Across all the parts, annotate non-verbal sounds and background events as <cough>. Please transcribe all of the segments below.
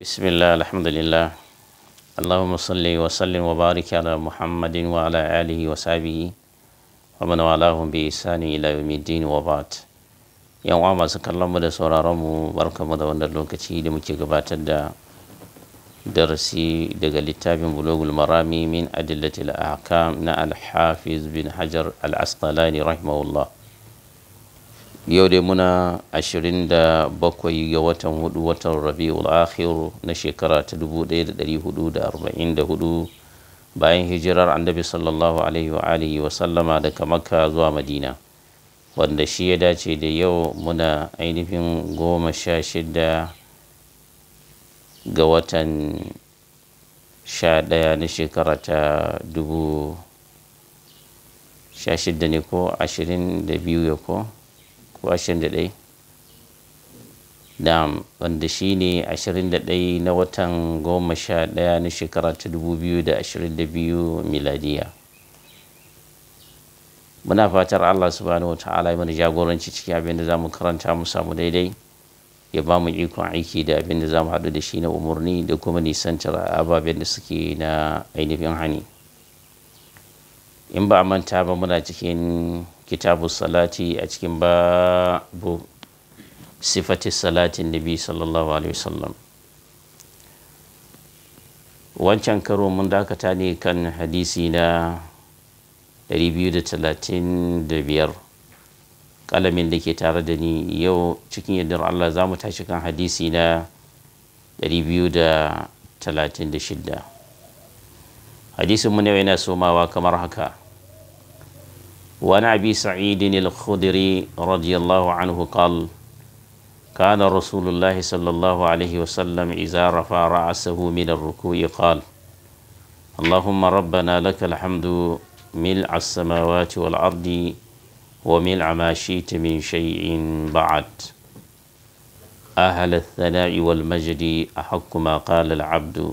بسم الله الحمد لله اللهم صل وسلم وبارك على محمد وعلى آله وصحبه ومن والاهم بإحسان إلى يوم الدين وبعد yan uwa masu kallon mu da sauraron mu barkamu da wannan lokaci da muke gabatar da darasi daga littafin bulogul marami min adillatil ahkam na al-hafiz bin hajar al-asqalani rahimahullah yau dai muna 27 ga watan hudu watan rabi'ul akhir na shekara ta 1444 bayan hijirar annabi sallallahu alaihi wa alihi wa sallama daga makka zuwa madina wanda shi ya dace da yau muna ainihin goma sha shida ga watan sha ɗaya na shekara ta dubu sha shida ne ko ashirin da biyu ya ko 21 da wanda shi ne 21 na watan goma sha ɗaya na shekara ta 2022 miladiya muna fatar allah subhanahu wa ta'ala mana jagoranci cikin abin da za mu karanta mu samu daidai ya ba mu ikon aiki da abin da za mu haɗu da shi na umarni da kuma nisantar ababen da suke na ainihin hani. in ba a manta ba muna cikin kitabu salati a cikin babu sifatis salatin nabi sallallahu alaihi wasallam wancan karo mun dakata ne kan hadisi na 235 kalamin da ke tare da ni yau cikin yadda Allah za mu tashi kan hadisi na 236 mu ne yana somawa kamar haka وعن أبي سعيد الخدري رضي الله عنه قال كان رسول الله صلى الله عليه وسلم إذا رفع رأسه من الركوع قال اللهم ربنا لك الحمد ملء السماوات والأرض وملء ما شئت من شيء بعد أهل الثناء والمجد أحق ما قال العبد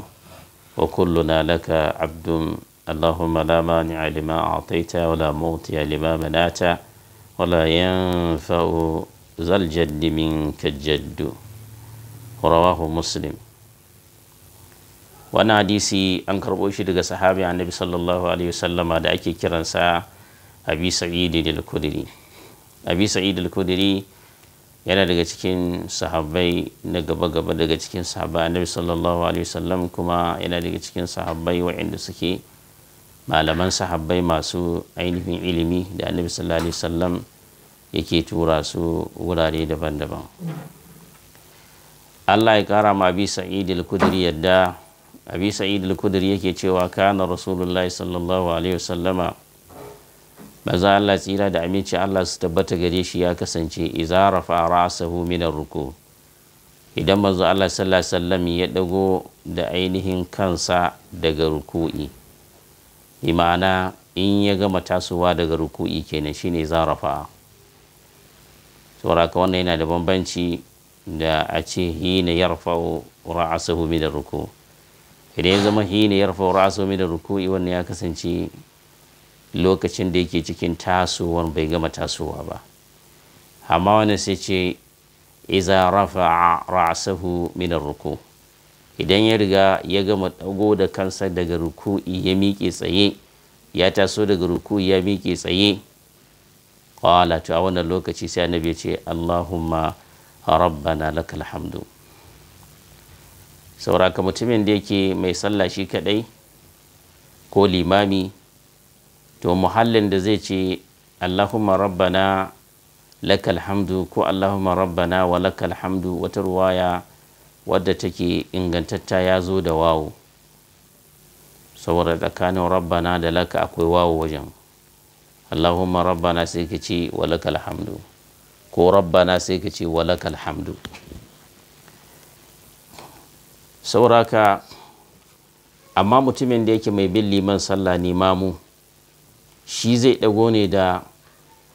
وكلنا لك عبد اللهم لا مانع لما أعطيت ولا معطي لما منعت ولا ينفع ذا الجد منك الجد رواه مسلم وانا حديثي an karɓo دقى صحابي عن annabi صلى الله عليه وسلم ake kiransa كران sa'id أبي سعيد abi أبي سعيد khudri yana daga cikin sahabbai na gaba-gaba daga cikin sahabbai annabi sallallahu alaihi wasallam kuma yana daga cikin sahabbai waɗanda suke malaman sahabbai masu ainihin ilimi da annabi sallallahu alaihi wasallam yake tura su wurare daban-daban Allah ya kara ma abi sa'id al-kudri yadda abi sa'id al-kudri yake cewa kana rasulullahi sallallahu alaihi wasallama maza Allah tsira da aminci Allah su tabbata gare shi ya kasance idza rafa ra'sahu min ruku idan manzo Allah sallallahu alaihi wasallam ya dago da ainihin kansa daga ruku'i imana in ya gama tasowa daga ruku'i kenan shine zarafa saboda ka wannan yana da bambanci da a ce hina yarfa'u ra'asahu min ruku idan ya zama hina ra'asahu min ruku'i wannan ya kasance lokacin da yake cikin tasowar bai gama tasowa ba amma wannan sai ce iza rafa'a ra'asahu min ruku' idan ya riga ya gama dago da kansa daga ruku'i ya miƙe tsaye ya taso daga ruku'i ya miƙe tsaye ƙwala to a wannan lokaci sai annabi ya ce allahumma rabbana lakal hamdu sauraka mutumin da yake mai sallah shi kadai ko limami to muhallin da zai ce allahumma rabbana lakal hamdu ko allahumma rabbana wa lakal hamdu wata ruwaya wadda take ingantatta ya zo da wawo saboda tsakanin rabbana da laka akwai wawo wajen allahumma rabbana sai ka ce walaka hamdu ko rabbana sai ka ce walaka hamdu sauraka amma mutumin da yake mai bin liman sallah ne mamu shi zai ɗago ne da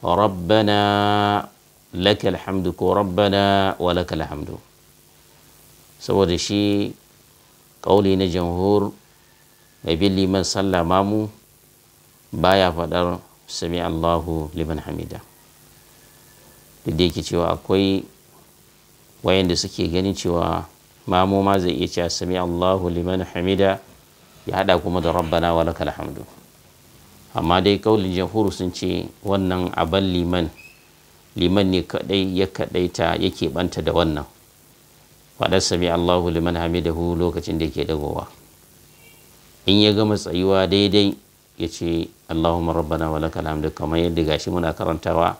rabbana lakal hamdu ko rabbana walakal hamdu saboda shi ƙauli na jamhur mai bin liman sallah mamu baya faɗar sami allahu liman hamida duk da yake cewa akwai wayanda suke ganin cewa mamu ma zai iya cewa sami allahu liman hamida ya haɗa kuma da rabbana wa laka hamdu amma dai ƙaulin jamhur sun ce wannan aban liman liman ne kaɗai ya kaɗaita yake ɓanta da wannan faɗar sami Allahu liman hu lokacin da yake dagowa in ya gama tsayuwa daidai ya ce Allahumma rabbana wa laka hamdu kamar yadda gashi muna karantawa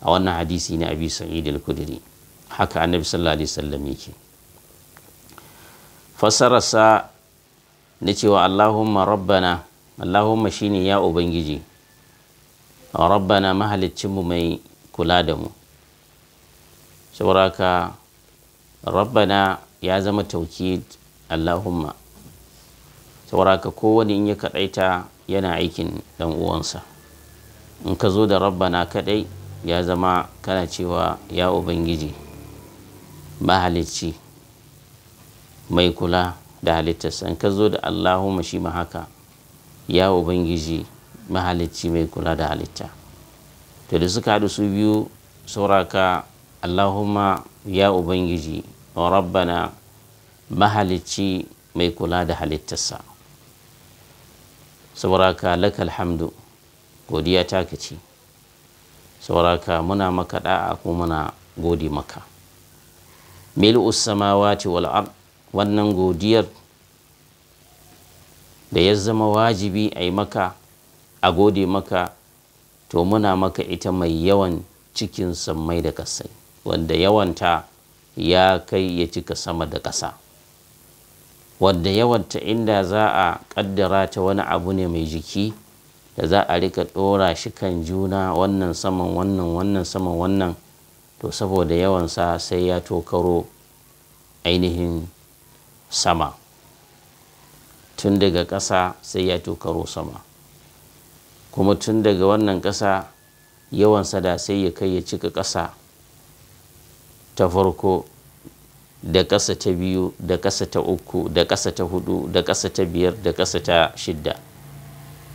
a wannan hadisi na Abi Sa'id al-Khudri haka Annabi sallallahu alaihi wasallam yake fassararsa na cewa Allahumma rabbana Allahumma shine ya ubangiji rabbana mu mai kula da mu saboda rabbana ya zama taukid allahumma sauraka kowane in ya kaɗaita yana aikin ɗan uwansa in ka zo da rabbana kaɗai ya zama kana cewa ya ubangiji mahalicci mai kula da halittarsa in ka zo da allahumma shi ma haka ya ubangiji mahalicci mai kula da halitta to da suka haɗu su biyu sauraka allahumma ya ubangiji rabbana mahalicci mai kula da halittarsa sauraka lakal hamdu godiya ta kaci sauraka muna maka da'a ko muna godi maka mil samawati wal ard wannan godiyar da ya zama wajibi a yi maka a gode maka to muna maka ita mai yawan cikin sammai da kasai wanda yawanta ya kai ya cika sama da ƙasa wadda yawanta inda za a ƙaddara ta wani abu ne mai jiki da za a rika ɗora shi kan juna wannan saman wannan wannan saman wannan to saboda yawansa sai ya tokaro ainihin sama tun daga ƙasa sai ya tokaro sama kuma tun daga wannan ƙasa yawansa da sai ya kai ya cika ƙasa ta farko da ƙasa ta biyu da ƙasa ta uku da ƙasa ta hudu da ƙasa ta biyar da ƙasa ta shidda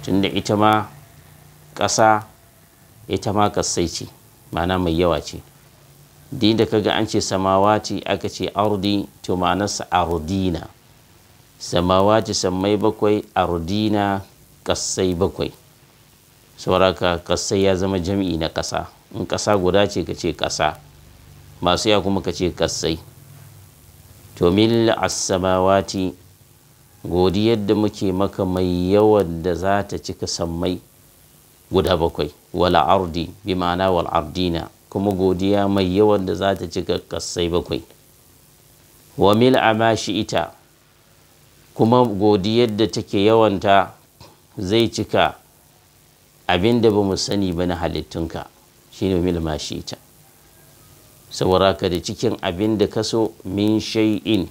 tunda ita ma ƙasa ita ma kasai ce ma'ana mai yawa ce din da kaga an ce samawati aka ce ardi to ma'anarsa ardina samawati sammai bakwai ardina ƙasai bakwai sauraka ƙasai ya zama jam'i na ƙasa in ƙasa guda ce ka ce ƙasa masu ya kuma ka ce kassai to mil samawati godiyar da muke maka mai yawan da za ta cika sammai guda bakwai wala ardi bi ma'ana wal ardina kuma godiya mai yawan da za ta cika kassai bakwai wa mil amashi ita kuma godiyar da take yawanta zai cika abinda da ba mu sani ba na halittunka shine mil mashi ita saboda ka da cikin abin da ka so min shay'in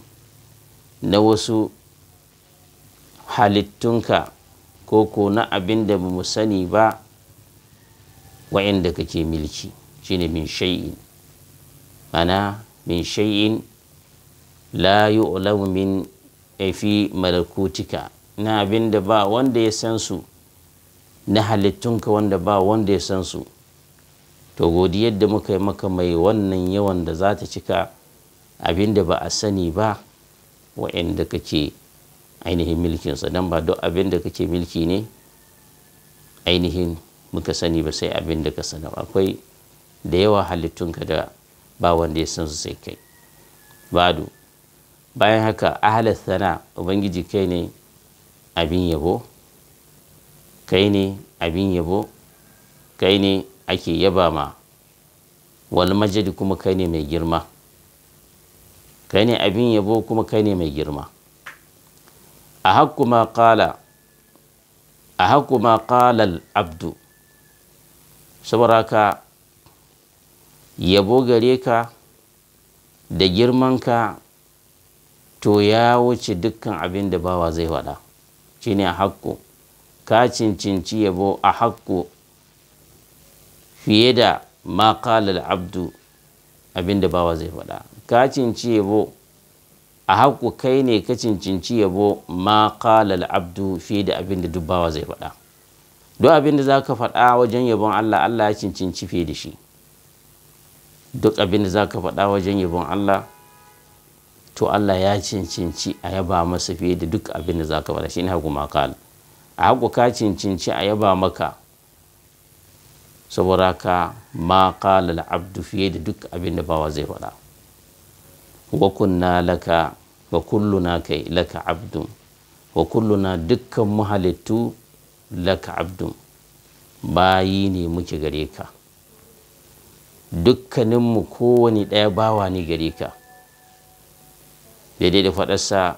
na wasu halittunka ko ko na abin da ba mu sani ba wa'inda kake milki shine min shay'in mana min shay'in la yu'lamu min eh, fi malakutika na abin da ba wanda ya san su na halittunka wanda ba wanda ya san su to godiyar da muka yi maka mai wannan yawan da za ta cika abin da ba a sani ba wa'anda kake ainihin milkinsa don ba duk abin da kake milki ne ainihin muka sani ba sai abin da ka sana akwai da yawa halittunka da ba wanda ya san su sai kai badu bayan haka ahalar sana ubangiji kai ne abin yabo kai ne abin yabo kai ne ake yaba ma wani majadi kuma kai ne mai girma kai ne abin yabo kuma kai ne mai girma a hakku ma qala a hakku ma qala abdu saboda ka yabo gare ka da girmanka to ya wuce dukkan abin da bawa zai shi shine a hakku ka cincinci yabo a hakku fiye da ma abdu abinda bawa zai faɗa ka cinci yabo a haƙu kai ne ka cincinci yabo ma abdu fiye da abinda duk bawa zai faɗa duk abinda za ka faɗa wajen yabon allah allah ya cincinci fiye da shi duk abinda za ka faɗa wajen yabon allah to Allah ya cincinci a yaba masa fiye da duk abin da za ka faɗa shi ne hagu makal a hagu ka cincinci a yaba maka saboda ka ma kala abdu fiye da duk abin da bawa zai faɗa wa kunna laka wa kulluna kai laka abdu wa kulluna dukkan muhalittu laka abdu bayi ne muke gare ka dukkaninmu kowane ɗaya bawa ne gare ka daidai da faɗarsa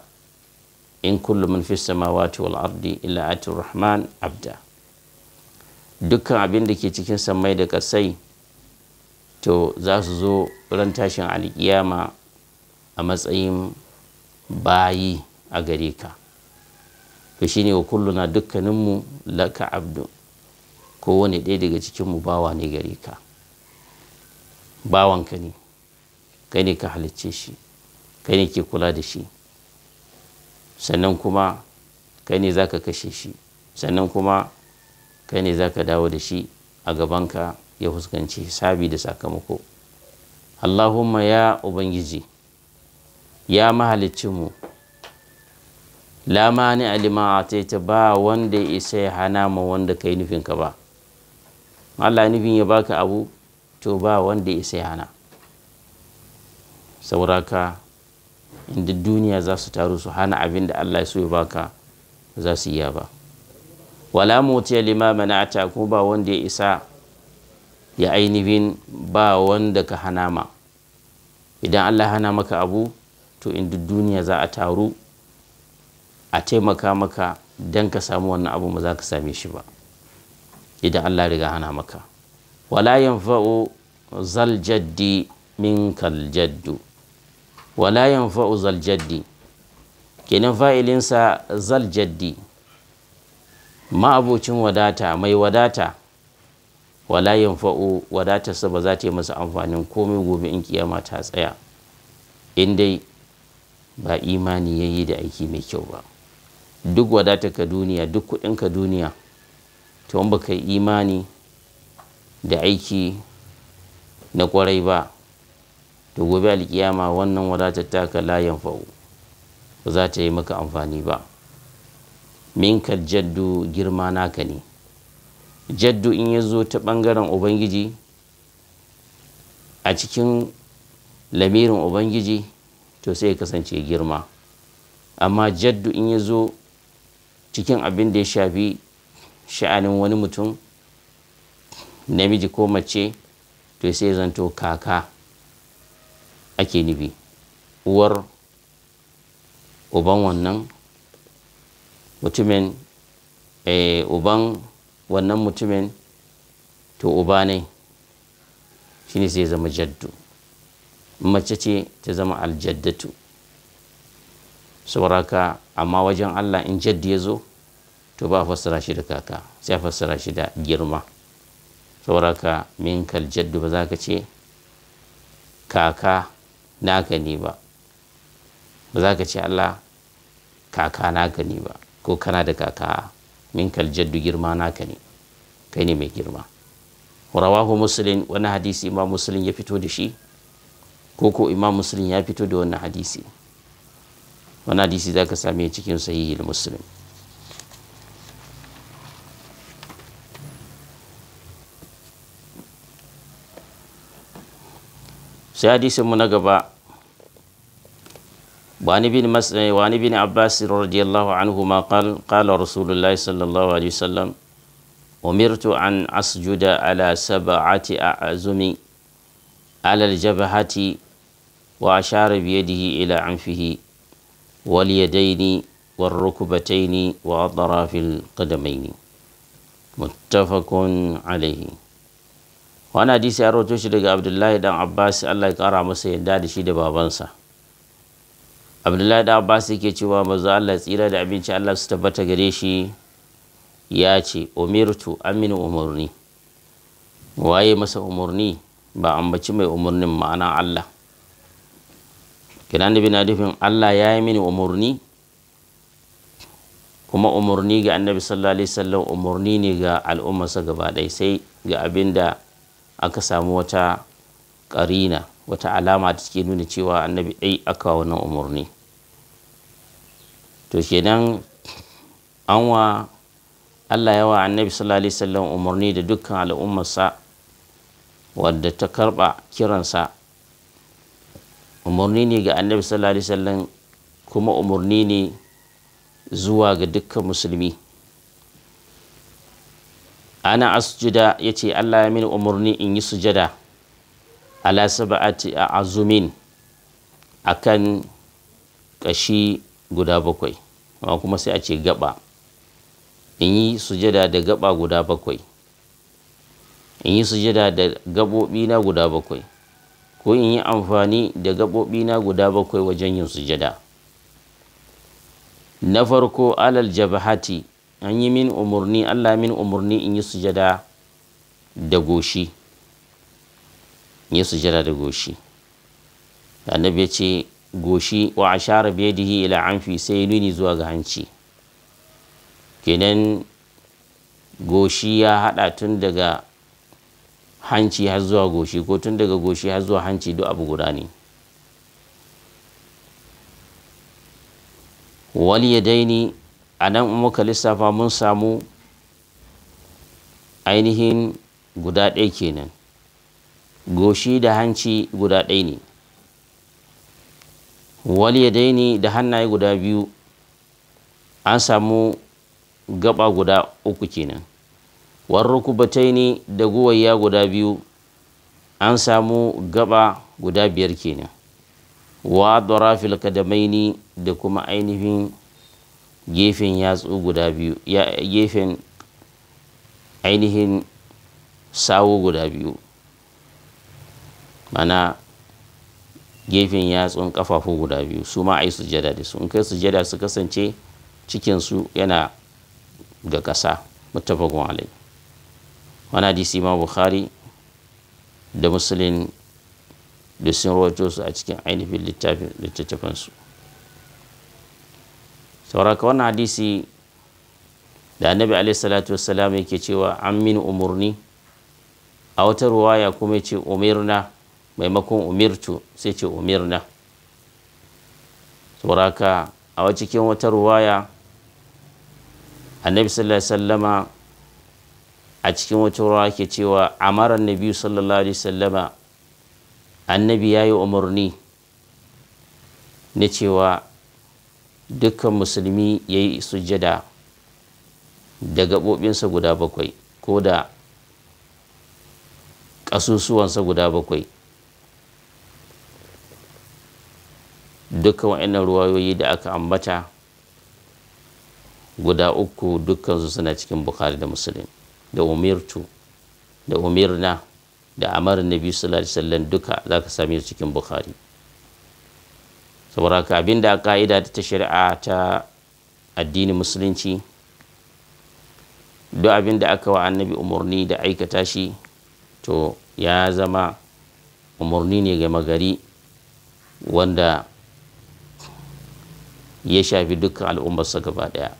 in kullum man fi samawati wal ardi illa atir rahman abda dukkan abin da ke cikin sammai da kasai to za su zo ran tashin alkiyama a matsayin bayi a gare ka to shine wa kulluna dukkaninmu laka abdu kowane ɗaya daga cikinmu bawa ne gare ka bawanka ne kai ne ka halicce shi kai ne ke kula da shi sannan kuma kai ne za ka kashe shi sannan kuma kai ne za ka dawo da shi a gabanka ya fuskanci sabida da sakamako allahumma ya ubangiji ya mu lamani lima a taita ba wanda isa ya hana ma wanda ka yi nufinka ba Allah nufin ya baka abu to ba wanda isa ya hana sauraka inda duniya za su taru su hana abin da Allah ya so ya baka za su iya ba wala mutiya lima mana'ata ko ba wanda ya isa ya ainihin ba wanda ka hana ma idan Allah hana maka abu to in duniya za a taru a taimaka maka don ka samu wannan abu ba za ka same shi ba idan Allah riga hana maka wala yanfa'u zal jaddi min jaddu wala yanfa'u zal jaddi kenan fa'ilinsa zaljaddi. ma'abocin wadata mai wadata wala fa'o wadatarsa ba za ta yi masa amfanin komai gobe in kiyama ta tsaya in dai ba imani ya yi da aiki mai kyau ba duk wadata ka duniya duk kudin ka duniya to in baka yi imani da aiki na kwarai ba da gobe alkiyama wannan wadatar ka la fa'o ba za ta yi maka amfani ba minka jaddu girma naka ne jaddu in ya zo ta ɓangaren ubangiji a cikin lamirin ubangiji to sai ya kasance girma amma jaddu in ya zo cikin abin da ya shafi sha'anin wani mutum namiji ko mace to sai zanto kaka ake nufi uwar uban wannan mutumin eh, uban wannan mutumin to uba ne ne sai zama jaddu mace ce ta zama aljaddatu sauraka amma wajen allah in jaddi ya zo to ba fassara shi da kaka sai fassara shi da girma sauraka min jaddu ba za ka ce kaka naka ne ba ba za ka ce allah kaka naka ne ba ko kana da kaka min jaddu girma naka ne kai ne mai girma rawahu muslim wani hadisi imam muslim ya fito da shi ko ko imam muslim ya fito da wannan hadisi wani hadisi za ka same cikin sahihi muslim sai hadisin mu na gaba وعن ابن مس... وعن ابن عباس رضي الله عنهما قال قال رسول الله صلى الله عليه وسلم أمرت أن أسجد على سبعة أعزم على الجبهة وأشار بيده إلى عنفه واليدين والركبتين وأطراف القدمين متفق عليه وأنا حديث أروتوش عبد الله بن عباس الله يقرأ مسيح دادشي دبابنسه abdullahi da abbas yake cewa manzo Allah tsira da abinci Allah su tabbata gare shi ya ce umirtu aminu umarni waye masa umarni ba ambaci mai umarnin ma'ana Allah kinan da na nufin Allah ya yi mini umarni kuma umarni ga annabi sallallahu alaihi wasallam umarni ne ga al'ummarsa gaba ɗaya sai ga abin da aka samu wata ƙarina wata alama da suke nuna cewa annabi ɗai aka wannan umarni to kenan an wa allah yawa annabi sallallahu alaihi wasallam umarni da dukkan al'ummarsa wadda ta karɓa kiransa umarni ne ga annabi sallallahu alaihi wasallam kuma umarni ne zuwa ga dukkan musulmi ana asjuda ya ce allah ya mini umarni in yi sujada ala sab'ati a azumin akan kashi guda bakwai amma kuma sai a ce gaba in yi sujada da gaba guda bakwai in yi sujada da gabobi na guda bakwai ko in yi amfani da gabobi na guda bakwai wajen yin sujada na farko alal jabahati an yi min umarni allah min umarni in yi sujada da goshi ya sujada da goshi annabi ya ce goshi wa ashara biyadihi ila anfi sai nuni zuwa ga hanci kenan goshi ya hada tun daga hanci har zuwa goshi ko tun daga goshi har zuwa hanci duk abu guda ne ya daini a nan muka lissafa mun samu ainihin guda ɗaya kenan goshi da hanci guda ɗaya ne waliyadaini da hannaye guda biyu an samu gaba guda uku kenan warrukubataini da guwayya guda biyu an samu gaba guda biyar kenan wa dorafil kadamaini da kuma ainihin gefen yatsu guda biyu gefen ainihin sawo guda biyu mana gefen yatsun kafafu guda biyu su ma a yi sujada da su in kai sujada su kasance cikinsu yana ga ƙasa muttafaqun alai wani hadisi ma bukhari da musulun da sun rawaito su a cikin ainihin littattafansu sauraka wannan hadisi da annabi alaihi salatu yake cewa an min umurni a wata ruwaya kuma ce umirna maimakon umirtu sai ce umirna sauraka a cikin wata ruwaya annabi sallallahu alaihi sallama a cikin wata ruwa ke cewa amaran nabi sallallahu alaihi sallama annabi ya yi umarni na cewa dukkan musulmi ya yi sujada da gaɓoɓinsa guda bakwai ko da ƙasusuwansa guda bakwai duka wa'annan ruwayoyi da aka ambata guda uku dukkansu suna cikin bukhari da musulun da umirtu da umirna da amarin nabi sallallahu alaihi duka za ka sami su cikin bukhari saboda ka da ka'ida ta shari'a ta addinin musulunci duk abin da aka wa annabi umarni da aikata shi to ya zama umarni ne ga magari wanda ya shafi dukkan al'ummarsa gaba ɗaya.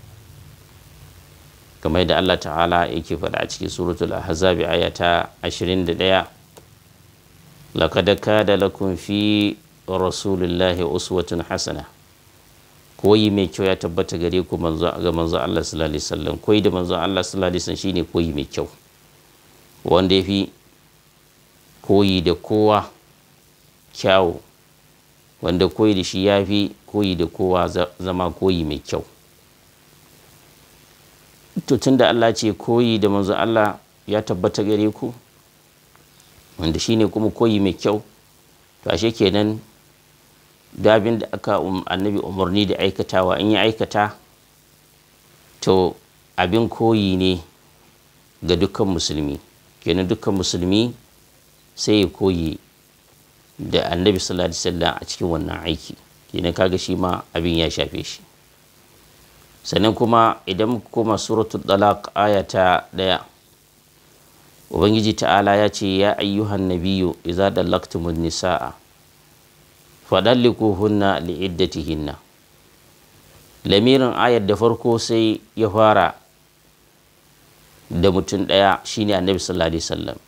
kamar da Allah ta'ala yake faɗa a cikin suratul ahzabi aya ta 21 laqad kada lakum fi rasulillahi uswatun hasana koyi mai kyau ya tabbata gare ku ga manzo Allah sallallahu alaihi koyi da manzo Allah sallallahu alaihi wasallam shine koyi mai kyau wanda yafi koyi da kowa kyau wanda koyi da shi ya fi koyi da kowa zama koyi mai kyau to tun da Allah ce koyi da manzo Allah ya tabbata gare ku wanda shi ne kuma koyi mai kyau to ashe kenan dabin da aka um, annabi umarni da aikatawa in ya aikata to abin koyi ne ga dukkan musulmi kenan dukkan musulmi sai ya koyi da annabi sallallahu alaihi wasallam a cikin wannan aiki kenan kaga shi ma abin ya shafe shi sannan kuma idan muka koma suratul talaq aya ta daya ubangiji ta'ala ya ce ya ayyuhan nabiyyu idza dallaqtumun nisaa fadallikuhunna liiddatihinna lamirin ayar da farko sai ya fara da mutum ɗaya shine annabi sallallahu alaihi wasallam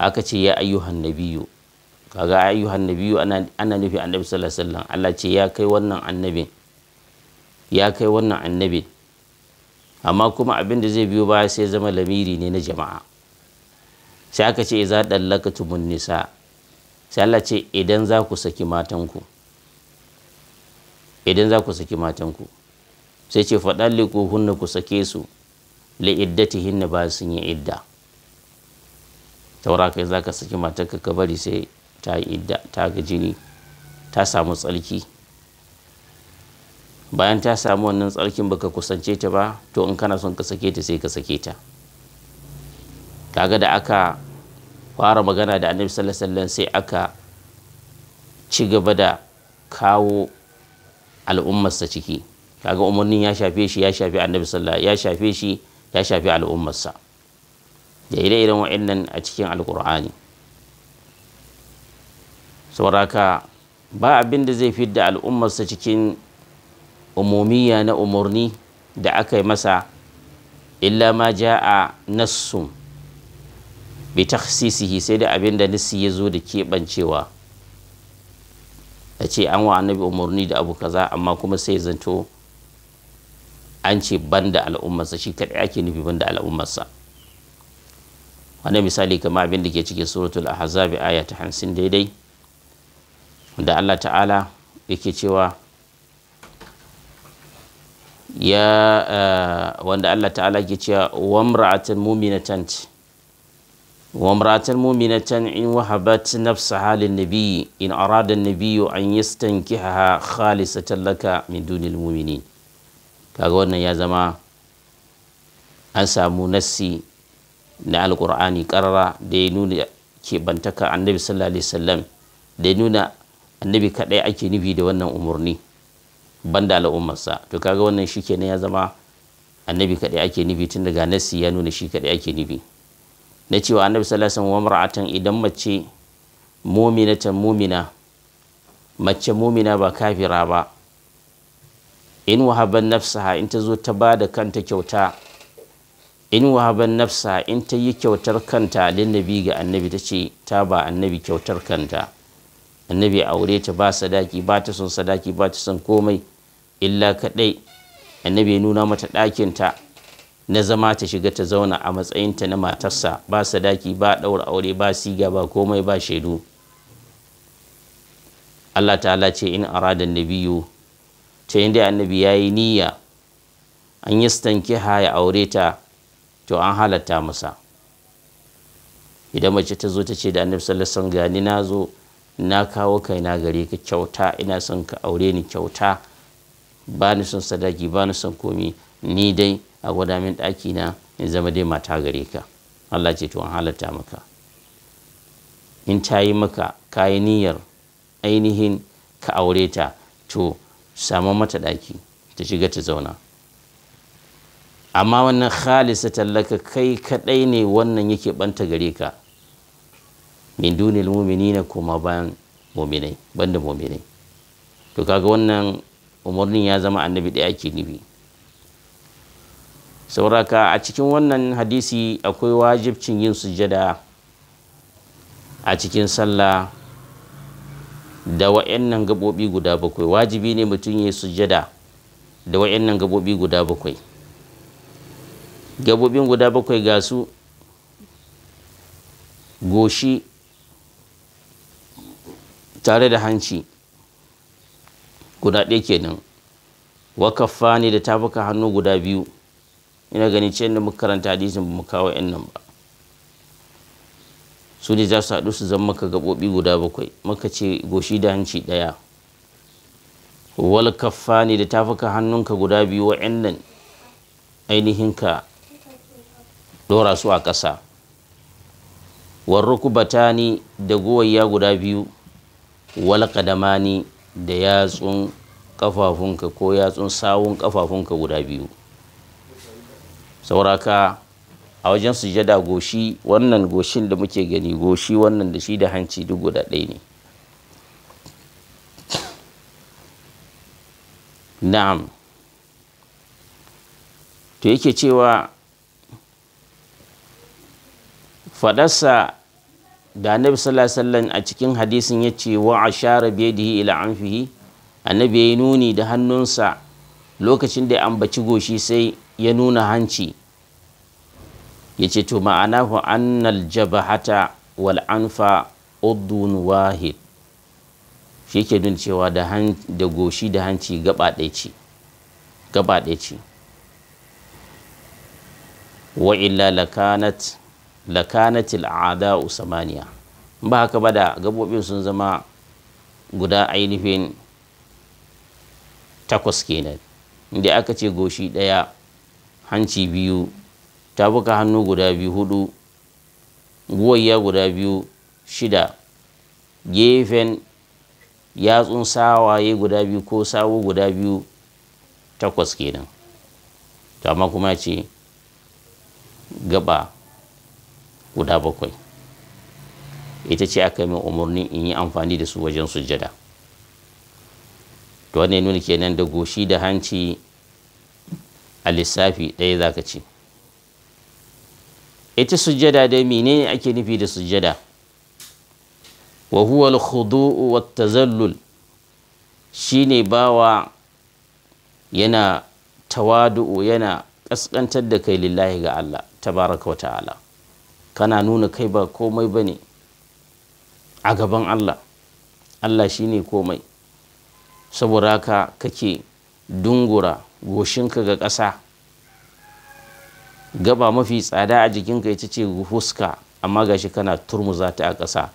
aka ce ya ayyuhan nabiyyu kaga ayyuhan nabiyyu ana ana nufi annabi sallallahu alaihi wasallam Allah ce ya kai wannan annabin ya kai wannan annabin amma kuma abin da zai biyo baya sai zama lamiri ne na jama'a sai aka ce idza dallakatumun nisa sai Allah ce idan za ku saki matanku idan za ku saki matanku sai ce faɗalliku hunna ku sake su li'iddatihinna ba sun yi idda taurakai za ka saki matarka ka bari sai ta yi idda ta ga jini ta samu tsarki bayan ta samu wannan tsarkin baka kusance ta ba to in kana son ka sake ta sai ka sake ta kaga da aka fara magana da annabi sallallahu alaihi sai aka ci gaba da kawo al'ummarsa ciki kaga umarnin ya shafe shi ya shafe annabi sallallahu ya shafe shi ya shafe al'ummarsa da ire-iren wa'annan a cikin alkur'ani sauraka ba abin da zai da al'ummarsa cikin umumiya na umarni da aka yi masa illa ma ja a nassun bi takhsisihi sai da abin da nassi ya zo da keɓancewa a ce an wa annabi umarni da abu kaza amma kuma sai zanto an ce da al'ummarsa shi kaɗai ake nufi da al'ummarsa wani misali kama abin da ke cikin suratul ahzabi aya ta hamsin daidai da Allah ta'ala yake cewa ya eh, wanda Allah ta'ala ke cewa wamra'atan mu'minatan wamra'atan mu'minatan in wahabat nafsaha lin nabiyyi in arada nabiyyu an yastankihaha khalisatan laka min dunil mu'minin kaga wannan ya zama an samu nassi na alqur'ani karara da ya nuna ke bantaka annabi sallallahu alaihi wasallam da ya nuna annabi kaɗai ake nufi da wannan umarni ban da al'ummarsa to kaga wannan shi kenan ya zama annabi kaɗai ake nufi tun daga nassi ya nuna shi kaɗai ake nufi na cewa annabi sallallahu alaihi wasallam mar'atan idan mace ta mumina mace mumina ba kafira ba in wahaban nafsaha in ta zo ta ba da kanta kyauta in wahaban nafsa in ta yi kyautar kanta linnabi ga annabi ta ce ta ba annabi kyautar kanta annabi a aure ta ba sadaki ba ta son sadaki ba ta son komai illa kaɗai annabi ya nuna mata ta na zama ta shiga ta zauna a matsayinta na matarsa ba sadaki ba ɗaura aure ba siga ba komai ba shaidu Allah ta'ala ce in arada nabiyu ta dai annabi ya yi niyya an yi stanki ya aure ta to an halatta masa idan mace ta zo ta ce da annabi sallallahu alaihi wasallam gani na zo na kawo kaina gare ka kyauta ina son ka aure ni kyauta ba ni son sadaki ba ni son komi ni dai a gwada min ɗaki na in zama dai mata gare ka Allah ce to an halatta maka in ta yi maka kayi niyyar ainihin ka aure ta to samu mata ɗaki ta shiga ta zauna amma wannan khalisa tallaka kai kaɗai ne wannan yake ɓanta gare ka min dunil mu'minina kuma bayan mu'minai banda mu'minai to kaga wannan umarnin ya zama annabi ɗaya ake nufi sauraka a cikin wannan hadisi akwai wajibcin yin sujada a cikin sallah da wa'annan gabobi guda bakwai wajibi ne mutum ya sujada da wa'annan gabobi guda bakwai gabobin guda bakwai ga su goshi tare da hanci guda ɗaya kenan wakaffa ne da tafuka hannu guda biyu ina gani ce da muka karanta hadisin ba mu kawo yan nan ba su ne za su haɗu su zama maka gaɓoɓi guda bakwai maka ce goshi da hanci ɗaya wal ne da tafuka hannunka guda biyu wa'annan ainihin ka dora su a ƙasa bata ne da guwayya guda biyu wal qadamani da yatsun kafafunka ko yatsun sawun kafafunka guda biyu sauraka a wajen sujada goshi wannan goshin da muke gani goshi wannan da shi da hanci duk guda ɗaya ne na'am to yake cewa fadarsa da annabi sallallahu alaihi a cikin hadisin ya ce wa ashara biyadihi ila anfihi annabi ya yi nuni da hannunsa lokacin da ya ambaci goshi sai ya nuna hanci ya ce to ma'anahu annal jabahata wal anfa odun wahid shi ke nuna cewa da goshi da hanci gaba ɗaya ce wa illa lakanat lakanatil ada usamaniya ba haka ba da gabobin sun zama guda ainihin takwas kenan inda aka ce goshi ɗaya hanci biyu tabuka hannu guda biyu hudu guwayya guda biyu shida gefen yatsun sawaye guda biyu ko sawo guda biyu takwas kenan to amma kuma ce gaba guda bakwai ita ce aka yi min umarni in yi amfani da su wajen sujjada to wannan nuna kenan da goshi da hanci a lissafi ɗaya za ka ce ita sujada dai menene ake nufi da sujada? wa huwa al-khudu'u tazallul shine bawa yana tawadu'u yana kaskantar da kai lillahi ga Allah tabaraka wa ta'ala kana nuna kai ba komai ba ne a gaban allah allah shi ne komai saboda ka kake dungura goshinka ga ƙasa gaba mafi tsada a jikinka ita ce huska amma gashi kana turmuza ta a ƙasa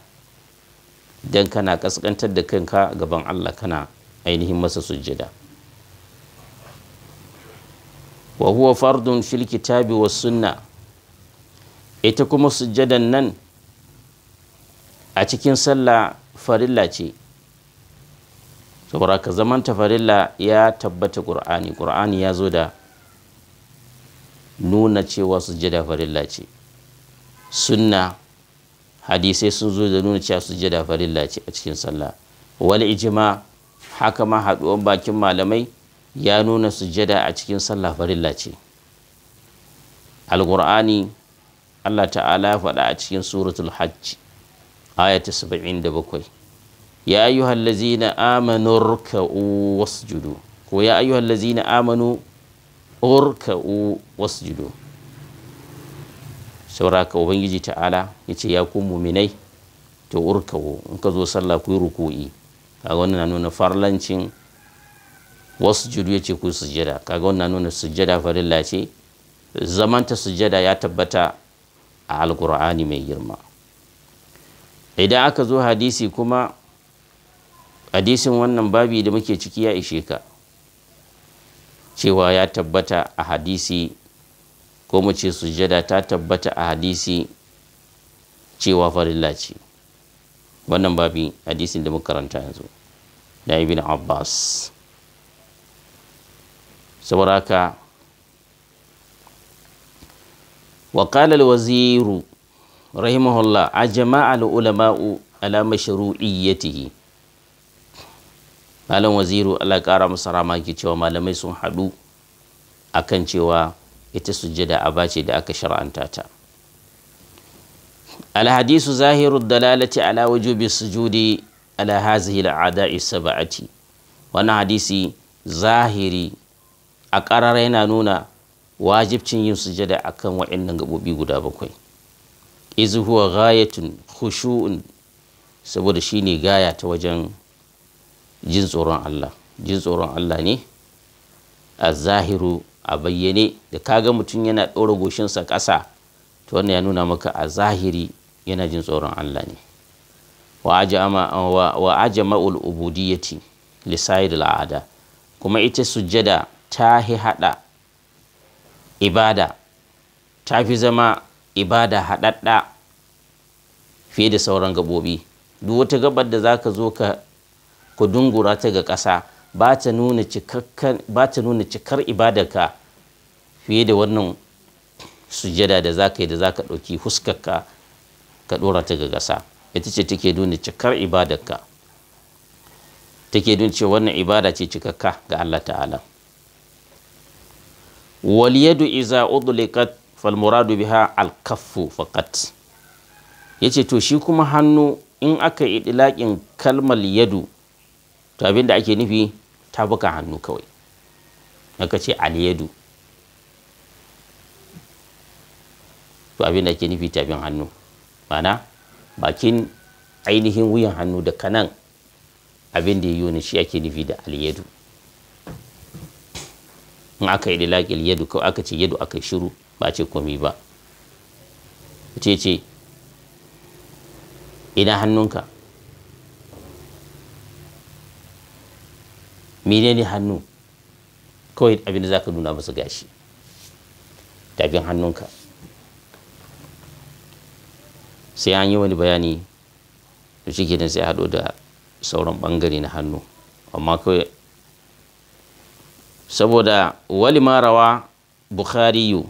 don kana ƙasƙantar da kanka gaban allah kana ainihin masa sujjada wa huwa fardun fil kitabi was sunna ita kuma sujjadan nan a cikin sallah farilla ce saboda ka zamanta farilla ya tabbata ƙur'ani ƙur'ani ya zo da nuna cewa sujjada farilla ce sunna hadisai sun zo da nuna cewa sujjada farilla ce a cikin sallah Wani ijima haka ma haɗuwan bakin malamai ya nuna sujjada a cikin sallah farilla ce Al-ƙur'ani. Allah ta'ala ya faɗa a cikin suratul hajj aya 77 ya ayyuhal na amanu ruk'u wasjudu ko ya ayyuhal ladzina amanu urka'u wasjudu sauraka ubangiji ta'ala ce ya ku muminai ta urka'u in ka zo sallah ku yi ruku'i kaga wannan na nuna farlancin ya ce ku sujjada kaga wannan na nuna sujjada farilla ce zaman ta sujjada ya tabbata a alkur'ani mai girma idan aka zo hadisi kuma hadisin wannan babi da muke ciki ya ishe ka cewa ya tabbata a hadisi ko mu ce sujada ta tabbata a hadisi cewa farilla ce wannan babi hadisin da muka karanta yanzu na ibn abbas saboda haka وقال الوزير رحمه الله أجمع العلماء على مشروعيته malam waziru Allah ƙara masa rama ke cewa malamai sun haɗu akan cewa ita sujjada aba ce da aka shar'anta ta alhadisu zahiru dalalati ala wajubi sujudi ala hazihi al'ada'i sab'ati wannan hadisi zahiri a ƙarara yana nuna wajibcin yin sujada akan wa'annan gabobi guda bakwai izu huwa ghayatun khushu'un saboda shine gaya ta wajen jin tsoron Allah jin tsoron Allah ne a zahiru a bayyane da kaga mutum yana ɗora goshinsa ƙasa to wannan ya nuna maka a zahiri yana jin tsoron Allah ne wa ma'ul ubudiyyati lisayid al'ada kuma ita sujada ta haɗa ibada ta fi zama ibada haɗaɗɗa fiye da sauran gabobi duk wata gabar da za ka zo ka dungura ta ga ƙasa ba ta nuna cikar ibadarka fiye da wannan sujada da za ka yi da za ka ɗauki huskarka ka ɗora ta ga ƙasa ita ce take nuna cikar ibadarka take nuna ce wannan ibada ce cikakka ga allah ta'ala waliyadu iza udlikat falmuradu biha al kaffu faqat yace to shi kuma hannu in aka yi idlaƙin kalmar yadu to abin da ake nufi tafukan hannu kawai aka ce al to abin da ake nufi bin hannu mana bakin ainihin wuyan hannu da kanan abin da ya yi shi ake nufi da alyadu in aka yi lilaƙil yadu ko aka ce yadu aka shiru ba ce komi ba ce ce ina hannunka ne hannu kawai abin da za ka nuna masa gashi tafin hannunka sai an yi wani bayani da shi sai haɗo da sauran bangare na hannu amma kawai saboda wali marawa bukhariyu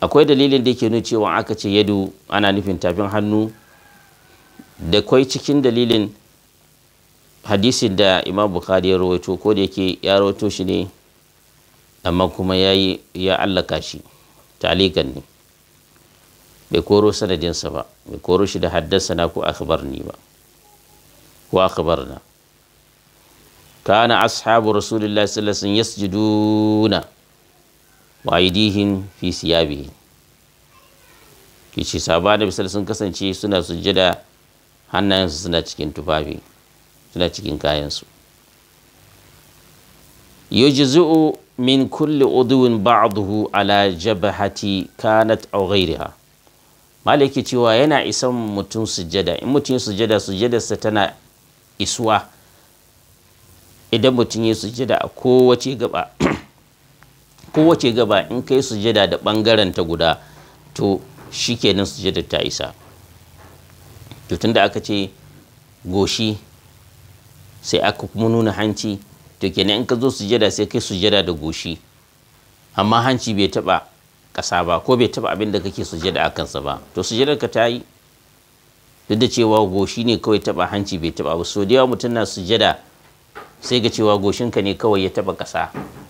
akwai dalilin da yake nuna cewa aka ce yadu ana nufin tafin hannu da kwai cikin dalilin hadisin da imam bukhari ya rawaito ko da yake ya rawaito shi ne amma kuma ya yi ya allaka shi talikan ne bai koro sanadinsa ba bai koro shi da haddasa na ko akhbar ni ba ko akhbar na kana ashabu rasulillahi sallallahu alaihi wasallam yasjuduna wa aidihim fi siyabihi kici da sun kasance suna sujjada hannayensu suna cikin tufafi suna cikin kayansu yujzi'u min kulli udwin ba'dahu ala jabhati kanat aw ghayriha malaki cewa yana isan mutum sujjada in mutum sujjada sa tana isuwa idan mutum ya sujada a kowace gaba <clears throat> kowace gaba in kai sujada da bangaren ta guda to shikenan sujada ta isa to tunda aka ce goshi sai aka kuma nuna hanci to kenan in ka zo sujada sai kai sujada da goshi amma hanci bai taba ƙasa ba ko bai taba abin da kake sujada a kansa ba to sujadar ka ta yi duk da cewa goshi ne kawai taba hanci bai taba ba so da yawa mutum na sujada sai ga cewa goshinka ne kawai ya taba ƙasa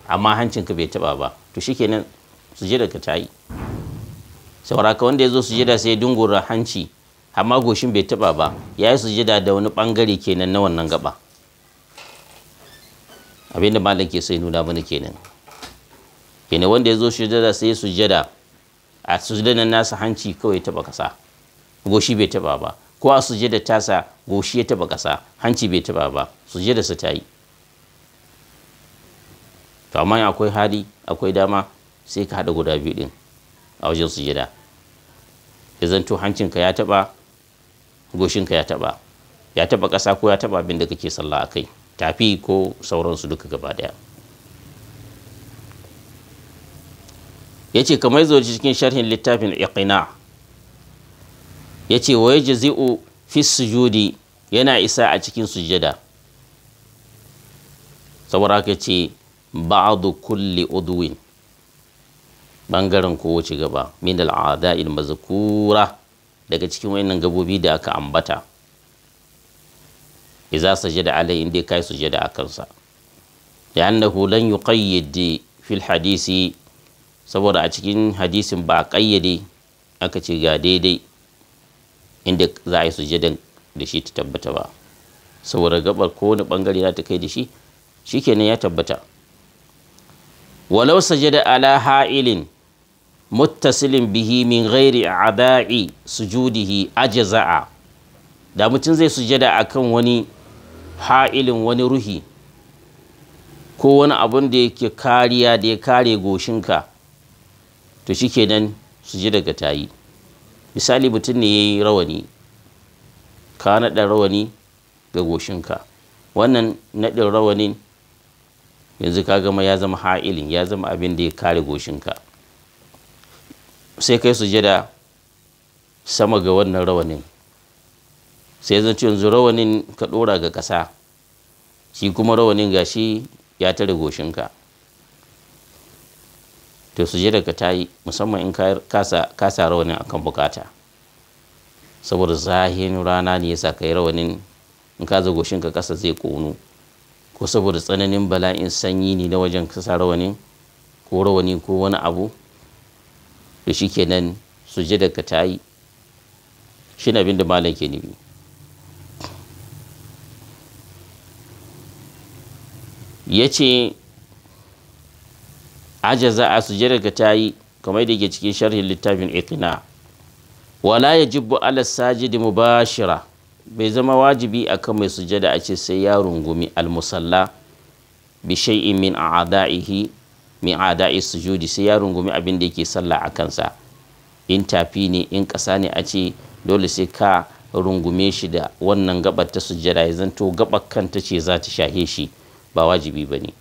amma hancinka bai taba ba to shikenan sujada ka tayi sauraka wanda ya zo sujada sai ya dungura hanci amma goshin bai taba ba ya yi sujada da wani bangare kenan na wannan gaba abinda malam ke sai nuna mana kenan kenan wanda ya zo sujada sai su sujada a sujadan nasa hanci kawai ya taba kasa goshi bai taba ba ko a sujada tasa goshi ya taba kasa hanci bai taba ba sujada su ta yi to amma akwai hali akwai dama sai ka haɗa guda biyu ɗin a wajen sujada ya zanto hancinka ya taɓa goshinka ya taɓa ya taɓa ƙasa ko ya taɓa abin da kake sallah a kai tafi ko sauransu duka gaba ɗaya ya ce kamar zo cikin sharhin littafin iqina ya ce wa jazi'u fi sujudi yana isa a cikin sujada saboda haka ce ba'adu kulli udwin bangaren kowace gaba min il mazakura daga cikin wayannan gabobi da aka ambata iza sajada alai inda kai sujada akansa. Ya hulan lan yuqayyid fil hadisi saboda a cikin hadisin ba a kayyade aka ce ga daidai inda za a yi sujadan da shi ta tabbata ba saboda gabar kowane bangare za ta kai da shi shikenan ya tabbata walau sajada ala ha'ilin muttasilin bihi min ghairi ada'i sujudihi ajza'a da mutum zai sujada akan wani ha'ilin wani ruhi ko wani abun da yake kariya da ya kare goshinka to shikenan sujada ga tayi misali mutum ne yayi rawani ka naɗa rawani ga goshinka wannan naɗin rawanin yanzu ka gama ya zama ha'ilin ya zama abin da ya kare goshinka sai kai sujada sama ga wannan rawanin sai zan ce yanzu rawanin ka ɗora ga ƙasa shi kuma rawanin gashi ya tare goshinka to sujada ka ta yi musamman in ka sa rawanin akan bukata saboda zahin rana ne ya sa ka yi rawanin in ka zo goshinka ƙasa zai ƙonu ko saboda tsananin bala'in sanyi ne na wajen kasa rawani ko rawani ko wani abu da shi ke nan kenan daga ta yi shi ne abin da malam ke nufi ya ce ajaza a daga ta yi kamar da ke cikin sharhin littafin ikina wala ya yajibu ala sajidi mubashira bai zama wajibi akan mai sujada a ce sai ya rungumi almusalla bi shay'in min a'da'ihi min a'da'i sujudi sai ya rungumi abin da yake sallah a kansa in tafi ne in ƙasa ne a ce dole sai ka rungume shi da wannan gabar ta sujada ya zanto gabar kanta ce za ta shahe shi ba wajibi bane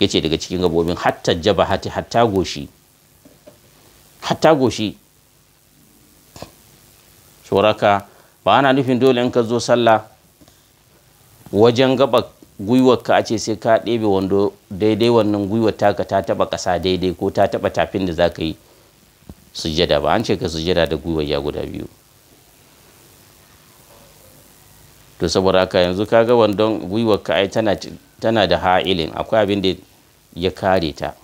ne daga cikin gabobin hatta jaba hatta goshi hatta goshi shuraka ba ana nufin dole in ka zo sallah wajen gaba gwiwarka a ce sai ka ɗebe wando daidai wannan gwiwar taka ta taba ƙasa daidai ko ta taba tafin da za ka yi sujada ba an ce ka sujada da gwiwar ya guda biyu to saboda haka yanzu ka ga wandon gwiwar ka ai tana da ha'ilin akwai abin da ya kare ta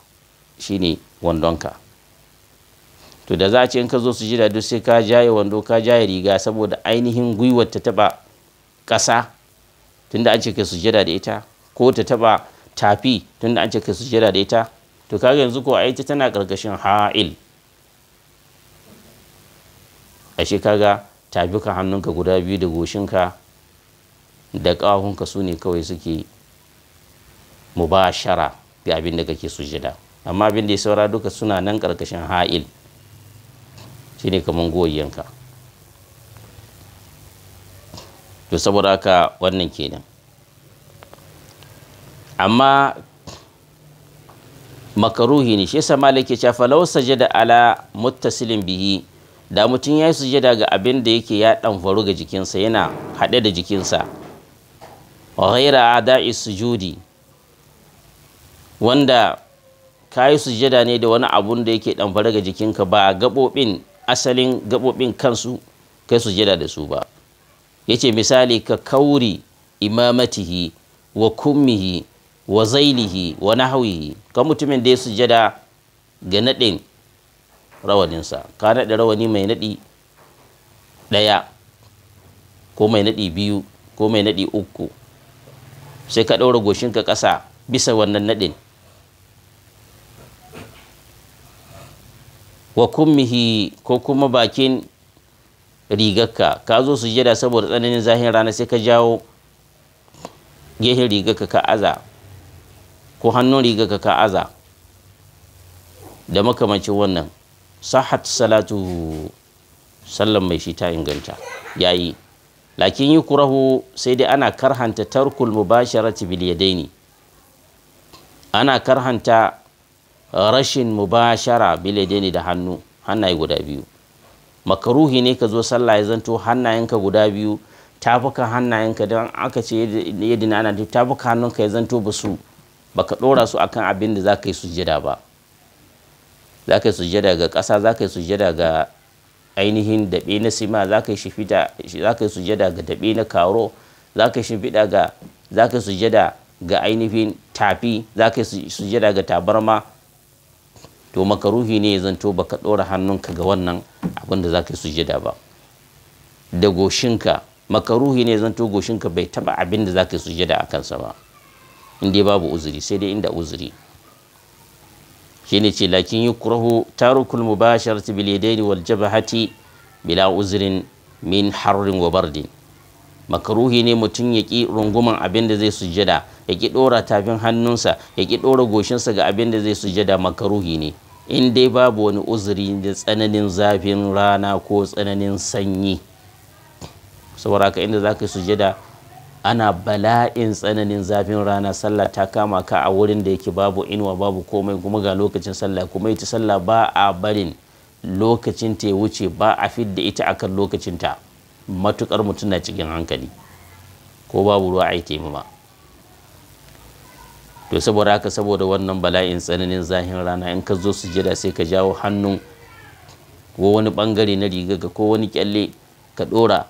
shine wandonka to da za a ce in ka zo su jira duk sai ka jaye wando ka jaye riga saboda ainihin gwiwar ta taba ƙasa tunda an ce ka sujada da ita ko ta taba tafi tunda an ce ka sujada da ita to kaga yanzu ko a ita tana ƙarƙashin ha'il ashe kaga tafi ka hannunka guda biyu da goshinka da ƙahunka su ne kawai suke mubashara ga abin da kake sujada amma abin da ya saura duka suna nan ƙarƙashin ha'il shine kaman goyiyanka to saboda haka wannan kenan amma makaruhi ne shi yasa malike ya falau sajada ala muttasilin bihi da mutum ya yi sujada ga abin da yake ya faru ga jikinsa yana haɗe da jikinsa wa ghaira ada'i sujudi wanda ka yi sujada ne da wani abun da yake faru ga jikinka ba gaɓoɓin asalin gaɓoɓin kansu kai su sujada da su ba yace misali ka kauri imamatihi wa kummihi wa zailihi wa nahawihi ka mutumin da ya sujada ga naɗin rawaninsa ka naɗe rawani mai naɗi ɗaya ko mai naɗi biyu ko mai naɗi uku sai ka ɗaura goshinka ƙasa bisa wannan naɗin wa kummihi ko kuma bakin rigarka ka zo su sujada saboda tsananin zahin rana sai ka jawo gehen rigarka ka aza ko hannun rigarka ka aza da makamancin wannan sahat salatu sallan mai shi ta inganta yayi lakin yi kurahu sai dai ana karhanta tarkul mubasharati bil yadaini ana karhanta rashin mubashara ne da hannu hannaye guda biyu makaruhi ne ka zo sallah ya zanto hannayenka guda biyu tafukan hannayenka don aka ce yadda ana tafukan hannunka ya zanto ba su baka ɗora su akan abin da za ka yi sujjada ba za ka yi sujjada ga ƙasa za ka yi sujjada ga ainihin daɓe na sima za ka yi sujjada ga daɓe na karo za ka yi ga za ka yi sujjada ga ainihin tafi za ka yi sujjada ga tabarma to makaruhi ne ya to baka ɗora hannunka ga wannan abin da za ka yi sujada ba da goshinka makaruhi ne zan zanto goshinka bai taba abin da za ka yi sujada a kansa ba in inda babu uzuri sai dai inda uzuri shi ne ce lakin yi kurahu tarukul mubasharati bil yadaini wal jabahati bila uzrin min harrin wa bardin makaruhi ne mutum ya ƙi runguman abin da zai sujada ya ki ɗora tafin hannunsa ya ƙi ɗora goshinsa ga abin da zai sujada makaruhi ne in dai babu wani uzuri da tsananin zafin rana ko tsananin sanyi saboda haka inda zaka ka yi sujada ana bala'in tsananin zafin rana sallah ta kama ka a wurin da yake babu inuwa babu komai kuma ga lokacin sallah kuma ita sallah ba a barin lokacin ta ya wuce ba a fidda ita akan lokacin ta matukar mutum na cikin hankali ko babu ruwa a yi ma to saboda haka saboda wannan bala'in tsananin zahin rana in ka zo su jira sai ka jawo hannu ko wani bangare na riga ga ko wani kyalle ka dora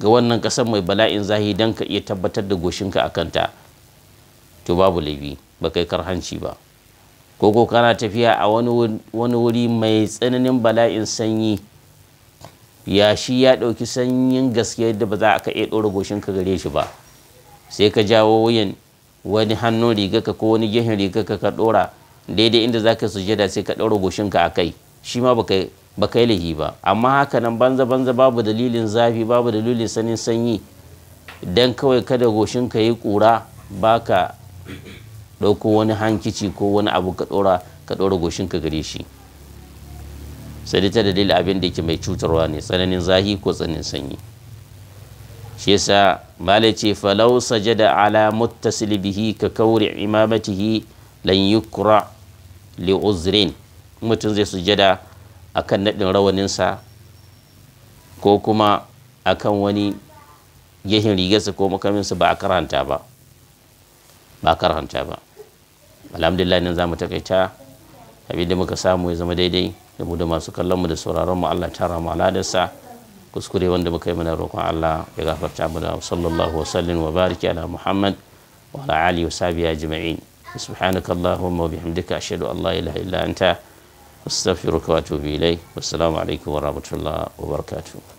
ga wannan kasar mai bala'in zahi don ka iya tabbatar da goshinka a kanta to babu laifi ba kai karhanci ba ko ko kana tafiya a wani wuri mai tsananin bala'in sanyi ya shi ya ɗauki sanyin gaske da ba za a ka iya ɗora goshin ka gare shi ba sai ka jawo wuyan wani hannun rigaka ko wani gehen rigarka ka ɗora daidai inda za ka sujada sai ka ɗora goshinka a kai shi ma ba yi lahi ba amma haka nan banza banza babu dalilin zafi babu dalilin sanin sanyi dan kawai kada goshinka yi ƙura ba ka ɗauko wani hankici ko wani abu ka ɗora ka goshinka gare shi sai dai ta dalilin abin da yake mai cutarwa ne tsananin zahi ko tsananin sanyi shi yasa malai ce falau sajada ala muttasil bihi ka kauri imamatihi lan yukra li uzrin mutum zai sujada akan nadin sa ko kuma akan wani gehin rigarsa ko sa ba a karanta ba ba a karanta ba alhamdulillah nan za mu takaita abinda muka samu ya zama daidai ya bude masu kallon mu da sauraron mu Allah tara mu aladarsa kuskure wanda muka yi mana roƙon Allah ya gafarta mu da sallallahu wa sallim wa bariki ala Muhammad wa ala ali wa sahbihi ajma'in subhanaka allahumma wa bihamdika ashhadu an la ilaha illa anta astaghfiruka wa atubu ilayk wassalamu alaikum wa rahmatullahi wa barakatuh